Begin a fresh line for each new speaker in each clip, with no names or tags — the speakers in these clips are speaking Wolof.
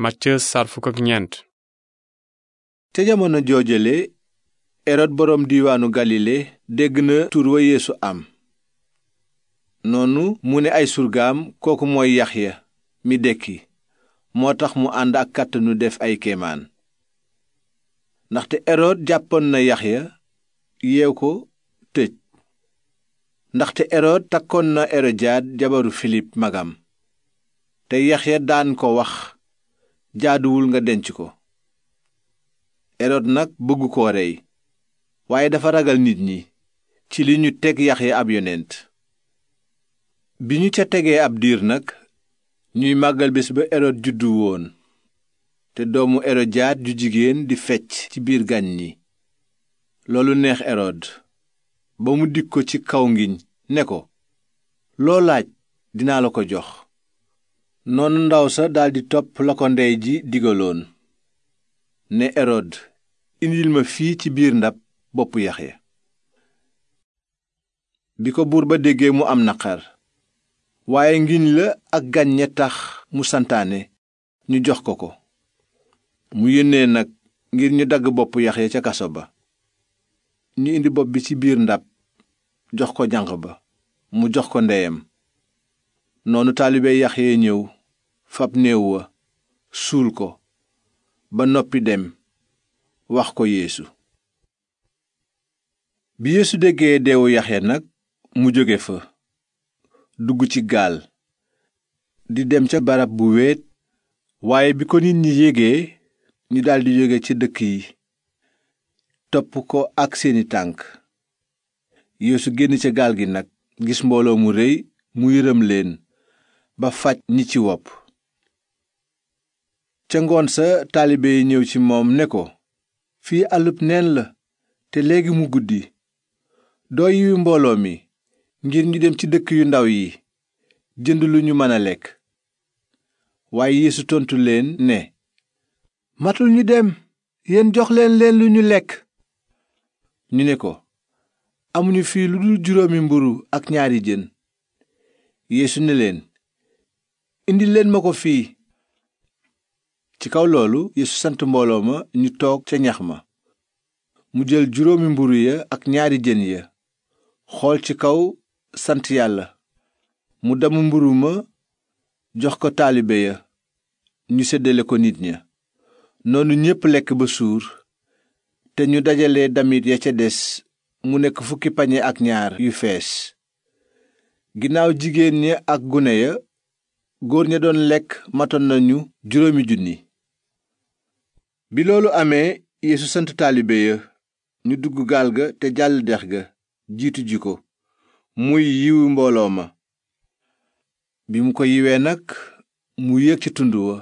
Matthieu saar ca jamono joojale erod boroom diiwaanu galile dégg na tur wa yeesu am noonu mu ne ay surgaam kooku mooy yaxya mi dekki moo tax mu ànd ak kàttanu def ay kéemaan ndaxte erod jàppoon na yaxya yeew ko tëj ndaxte erod takkoon na erodiyaad jabaru filip magam te yaxya daan ko wax jaaduwul nga denc ko erod nag bëggu koo rey waaye dafa ragal nit ñi ci li ñu teg yaxya ab yonent bi ñu ca tegee ab diir nag ñuy màggal bés ba erod juddu woon te doomu erodiyaat ju jigéen di fecc ci biir gan ñi loolu neex erod ba mu dig ko ci kaw ngiñ ne ko loo laaj dinaa la ko jox noonu ndaw sa daldi topp la ko ndey ji digaloon ne erod indil ma fii ci biir ndab boppu yaxya bi ko buur ba déggee mu am naqar waaye ngiñ la ak gàññe tax mu santaane ñu jox ko ko mu yónnee nag ngir ñu dagg bopp yaxya ca kaso ba ñu indi bopp bi ci biir ndab jox ko janq ba mu jox ko ndeyam noonu taalibe Yaxya ñëw fab néew wa suul ko ba noppi dem wax ko Yeesu bi Yeesu déggee deewu yaxe nag mu jóge fa dugg ci gaal di dem ca barab bu wéet waaye bi ko nit ñi yégee ñu daldi jóge ca dëkk yi topp ko ak seeni tànk Yeesu génn ca gaal gi nag gis mbooloo mu rëy mu yërëm leen ba faj ñi ci wopp ca ngoon sa taalibe yi ñëw ci moom né ko fii àllub neen la te léegi mu guddi doo yiwi mbooloo mi ngir ñu dem ci dëkk yu ndaw yi jënd lu ñu mën a lekk waaye yeesu tontu leen ne matul ñu dem yéen jox leen leen lu ñu lekk ñu ne ko amuñu fii lu dul juróomi mburu ak ñaari jën yeesu ne leen indil leen ma ko fii ci kaw loolu yeesu sant mbooloo ma ñu toog ca ñax ma mu jël juróomi mburu ya ak ñaari jën ya xool ci kaw sant yàlla mu damu mburu ma jox ko taalibe ya ñu seddale ko nit ña noonu ñépp lekk ba suur te ñu dajale damit ya ca des mu nekk fukki pañe ak ñaar yu fees ginnaaw jigéen ña ak gune ya góor ña doon lekk matoon nañu juróomi junni bi loolu amee yeesu sant taalibe ya ñu dugg gaal ga te jàll dex ga jiitu ji ko muy yiwu mbooloo ma bi mu ko yiwee nag mu yéeg ci tund wa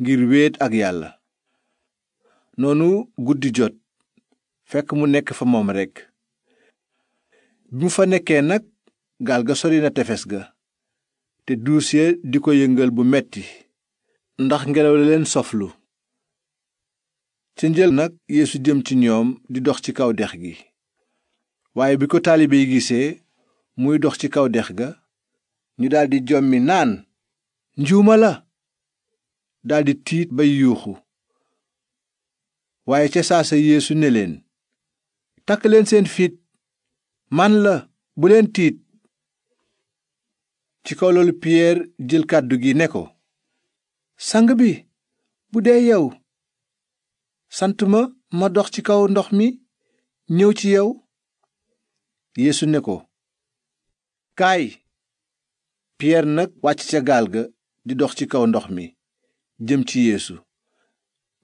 ngir wéet ak yàlla noonu guddi jot fekk mu nekk fa moom rekk bi mu fa nekkee nag gaal ga sori na tefes ga te duus ya di ko yëngal bu metti ndax ngelaw la leen soflu ci njël nag yeesu jëm ci ñoom di dox ci kaw dex gi waaye bi ko taalibe yi gisee muy dox ci kaw dex ga ñu daldi jommi naan njuuma la daldi tiit bay yuuxu waaye ca saasa yeesu ne leen takk leen seen fit man la bu leen tiit ci kaw loolu piyeer jël kàddu gi né ko sang bi bu dee yow sant ma ma dox ci kaw ndox mi ñëw ci yow yeesu ne ko kaay piyeer nag wàcc ca gaal ga di dox ci kaw ndox mi jëm ci yeesu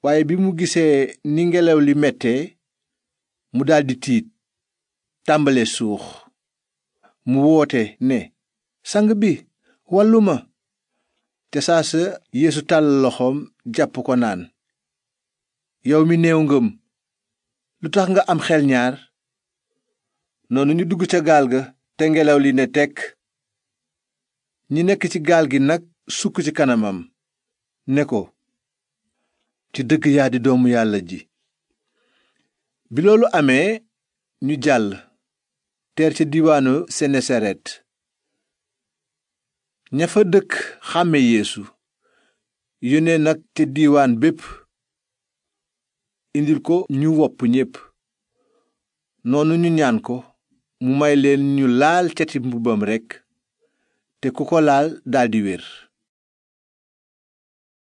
waaye bi mu gisee ni ngelaw li mettee mu daldi tiit tàmbalee suux mu woote ne sang bi wallu ma te saa sa yeesu tàll loxoom jàpp ko naan yow mi néew ngëm lu tax nga am xel ñaar noonu ñu dugg ca gaal ga te ngelaw li ne tekk ñi nekk ci gaal gi nag sukk ci kanamam ne ko ci dëgg yaa di doomu yàlla ji bi loolu amee ñu jàll teer ca diiwaanu senesaret ña fa dëkk xàmme yeesu yónnee nag te diwaan bépp indil ko ñu wopp ñépp noonu ñu ñaan ko mu may leen ñu laal cati mbubbam rekk te ku ko laal daldi wér